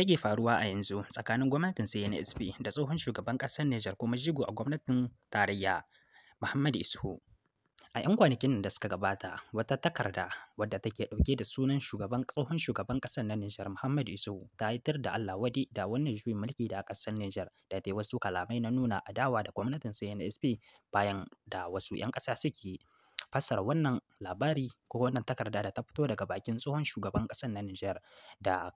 yake faruwa a yanzu tsakanin gwamnatin CNSP da tsohon shugaban ƙasar Nijar kuma jigo a gwamnatin tarayya Muhammad Isuhu. A 'yan kwanakin da suka gabata, wata takarda wadda take ɗauke da sunan shugaban tsohon shugaban ƙasar na Nijar Muhammad Isuhu ta tar da Allah wadi da wannan juyin mulki da ƙasar Nijar da dai wasu kalamai na nuna adawa da gwamnatin CNSP bayan da wasu 'yan ƙasa suke fassara wannan labari ko wannan takarda da ta fito daga bakin tsohon shugaban ƙasar na Nijar da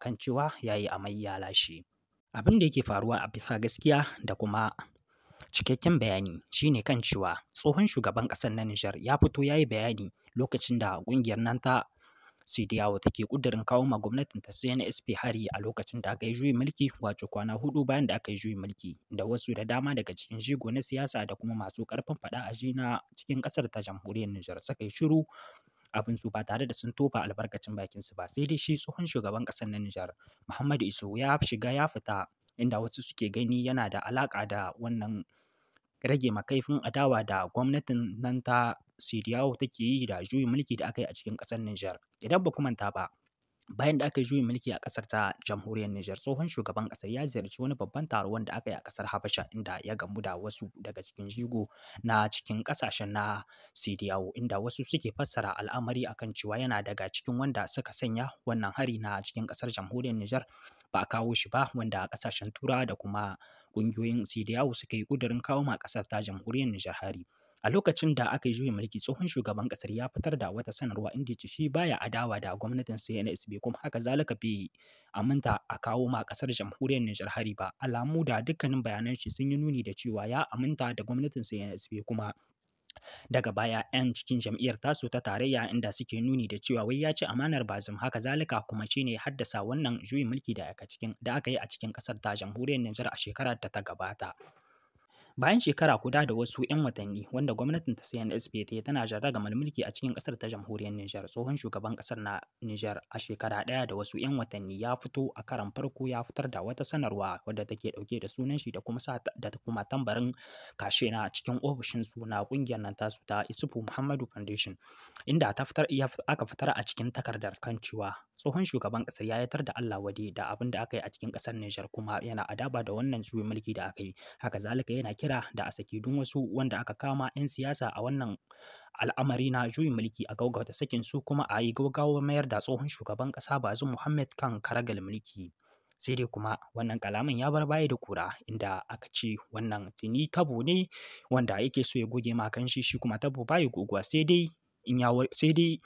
kan cewa ya yi amai ya lashe. Abin da yake faruwa a bisa gaskiya da kuma cikakken bayani shine kan cewa tsohon shugaban ƙasar na Nijar ya fito ya yi bayani lokacin da ƙungiyar nan ta yawo take kudirin kawo ma gwamnatin ta sp hari a lokacin da aka yi juyin mulki wato kwana hudu bayan da aka yi juyin mulki da wasu da dama daga cikin jigo na siyasa da kuma masu karfin faɗa a jina cikin kasar ta jamhuriyar Nijar suka yi shiru abin su ba tare da sun tofa albarkacin bakin su ba sai dai shi tsohon shugaban ƙasar na Nijar Muhammadu Isu ya shiga ya fita inda wasu suke gani yana da alaka da wannan rage makaifin adawa da gwamnatin nan ta Siriyawo take yi da juyin mulki da aka yi a cikin ƙasar Nijar. Idan ba manta ba, bayan da aka yi juyin mulki a ƙasar ta jamhuriyar Nijar tsohon shugaban ƙasar ya ziyarci wani babban taro wanda aka yi a ƙasar Habasha inda ya gamu da wasu daga cikin jigo na cikin ƙasashen na Sidiyawo inda wasu suke fassara al'amari akan cewa yana daga cikin wanda suka sanya wannan hari na cikin ƙasar jamhuriyar Nijar ba a kawo shi ba wanda ƙasashen Turawa da kuma ƙungiyoyin Sidiyawu suka yi ƙudurin kawo ma ƙasar ta jamhuriyar Nijar hari. A lokacin da aka yi juyin mulki tsohon shugaban ƙasar ya fitar da wata sanarwa inda ce shi baya adawa da gwamnatin CNS CNSB kuma haka zalika bai aminta a kawo ma ƙasar jamhuriyar Nijar hari ba. Alamu da dukkanin bayanan shi sun yi nuni da cewa ya aminta da gwamnatin CNS CNSB kuma daga baya 'yan cikin jam'iyyar tasu ta tarayya inda suke nuni da cewa wai ya ci amanar bazum haka zalika kuma shine haddasa wannan juyin mulki da aka cikin da aka yi a cikin kasar ta jamhuriyar Nijar a shekarar da ta gabata Bayan shekara guda da wasu 'yan watanni wanda gwamnatin ta sayan spt tana jarragamar mulki a cikin kasar ta jamhuriyar Nijar, tsohon shugaban kasar na Nijar a shekara daya da wasu 'yan watanni ya fito a karan farko ya fitar da wata sanarwa wadda take dauke da sunan shi da kuma sa da kuma tambarin kashe na cikin ofishin suna na kungiyar nan tasu ta Isufu Muhammadu Foundation inda ta fitar aka fitar a cikin takardar kan cewa tsohon shugaban kasar ya yatar da Allah wade da abin da aka yi a cikin kasar Nijar kuma yana adaba da wannan juyin mulki da aka yi haka zalika yana kira kira da a saki don wasu wanda aka kama 'yan siyasa a wannan al'amari na juyin mulki a gaugauta sakin su kuma a yi gaugawa mayar da tsohon shugaban ƙasa bazu muhammad kan karagal mulki sai dai kuma wannan kalamin ya bar baya da kura inda aka ce wannan tuni tabo ne wanda yake so ya goge ma kan shi shi kuma tabo baya goguwa sai dai in ya sai dai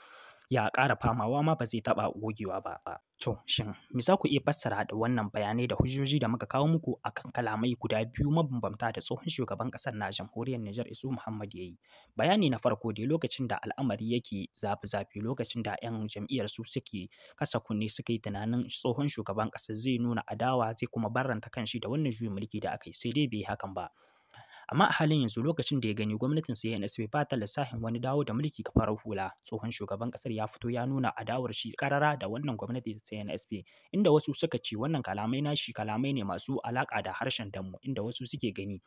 ya ƙara famawa ma ba zai taɓa gogewa ba. To, shin, me za ku iya fassara da wannan bayanai da hujjoji da muka kawo muku akan kalamai guda biyu mabambanta da tsohon shugaban ƙasar na jamhuriyar Nijar Isu Muhammad ya yi? Bayani na farko dai lokacin da al'amari yake zafi-zafi lokacin da 'yan jam'iyyar su suke kasa kunne suka yi tunanin tsohon shugaban ƙasar zai nuna adawa zai kuma barranta kanshi da wannan juyin mulki da aka yi sai dai bai hakan ba. amma a halin yanzu lokacin da ya gani gwamnatin sai NSP ba ta lissafin wani dawo da mulki ga farar hula tsohon shugaban kasar ya fito ya nuna adawar shi karara da wannan gwamnati ta NSP inda wasu suka ce wannan kalamai na shi kalamai ne masu alaka da harshen damu inda wasu suke gani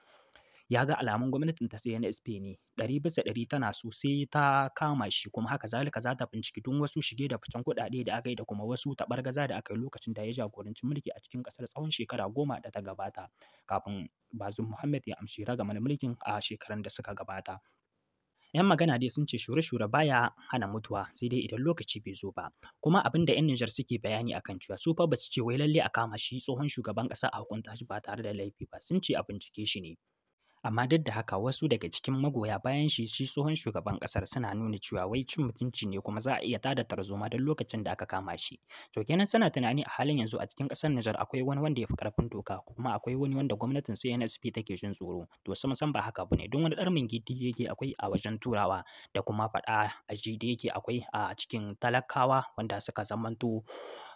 ya ga alamun gwamnatin ta na SP ne ɗari bisa ɗari tana so sai ta kama shi kuma haka zalika za ta binciki duk wasu shige da ficen kuɗaɗe da aka yi da kuma wasu taɓargaza da aka yi lokacin da ya jagoranci mulki a cikin ƙasar tsawon shekara goma da ta gabata kafin Bazum Muhammad ya amshi ragamar mulkin a shekaran da suka gabata. 'yan magana dai sun ce shure-shure baya hana mutuwa sai dai idan lokaci bai zo ba kuma abin da 'yan Nijar suke bayani akan cewa su fa ba su ce wai lalle a kama shi tsohon shugaban ƙasa a hukunta shi ba tare da laifi ba sun ce a bincike shi ne amma duk da haka wasu daga cikin magoya bayan shi shi tsohon shugaban kasar suna nuna cewa wai cin mutunci ne kuma za a iya tada tarzoma don lokacin da aka kama shi to kenan suna tunani a halin yanzu a cikin kasar Nijar akwai wani wanda ya fi karfin doka kuma akwai wani wanda gwamnatin CNSP take jin tsoro to sama san ba haka bane don wani darmin gidi yake akwai a wajen turawa da kuma faɗa a ji da yake akwai a cikin talakawa wanda suka zamanto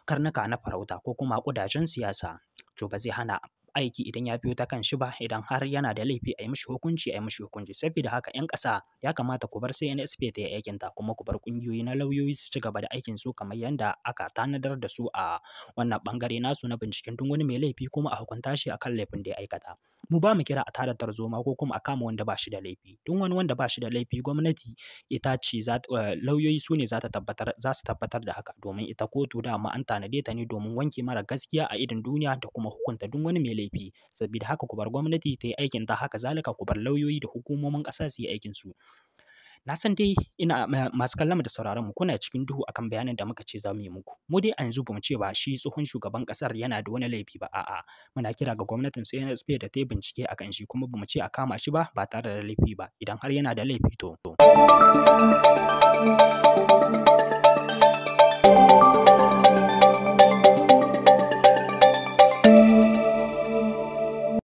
karnuka na farauta ko kuma kudajen siyasa to ba zai hana aiki idan ya biyo ta kan shi ba idan har yana da laifi a yi mishi hukunci a yi mishi hukunci saboda haka 'yan ƙasa ya kamata ku bar CNSP ta yi aikinta kuma ku bar ƙungiyoyi na lauyoyi su ci gaba da aikin su kamar yadda aka tanadar da su a wannan bangare nasu na binciken duk wani mai laifi kuma a hukunta shi akan laifin da ya aikata mu ba mu kira a tada tarzoma ko kuma a kama wanda ba shi da laifi duk wani wanda ba shi da laifi gwamnati ita ce eh, lauyoyi su ne za tabbatar za su tabbatar da haka domin ita kotu dama an tanade ta ne domin wanke mara gaskiya a idon duniya da kuma hukunta duk wani mai laifi saboda haka kubar gwamnati ta yi aikin ta haka zalika ku bar lauyoyi da hukumomin ƙasa su yi aikin su na san dai ina masu kallon da sauraron mu kuna cikin duhu akan bayanin da muka ce za mu yi muku mu dai a yanzu bamu ce ba shi tsohon shugaban kasar yana da wani laifi ba a'a muna kira ga gwamnatin sai na da ta yi bincike akan shi kuma bamu ce a kama shi ba ba tare da laifi ba idan har yana da laifi to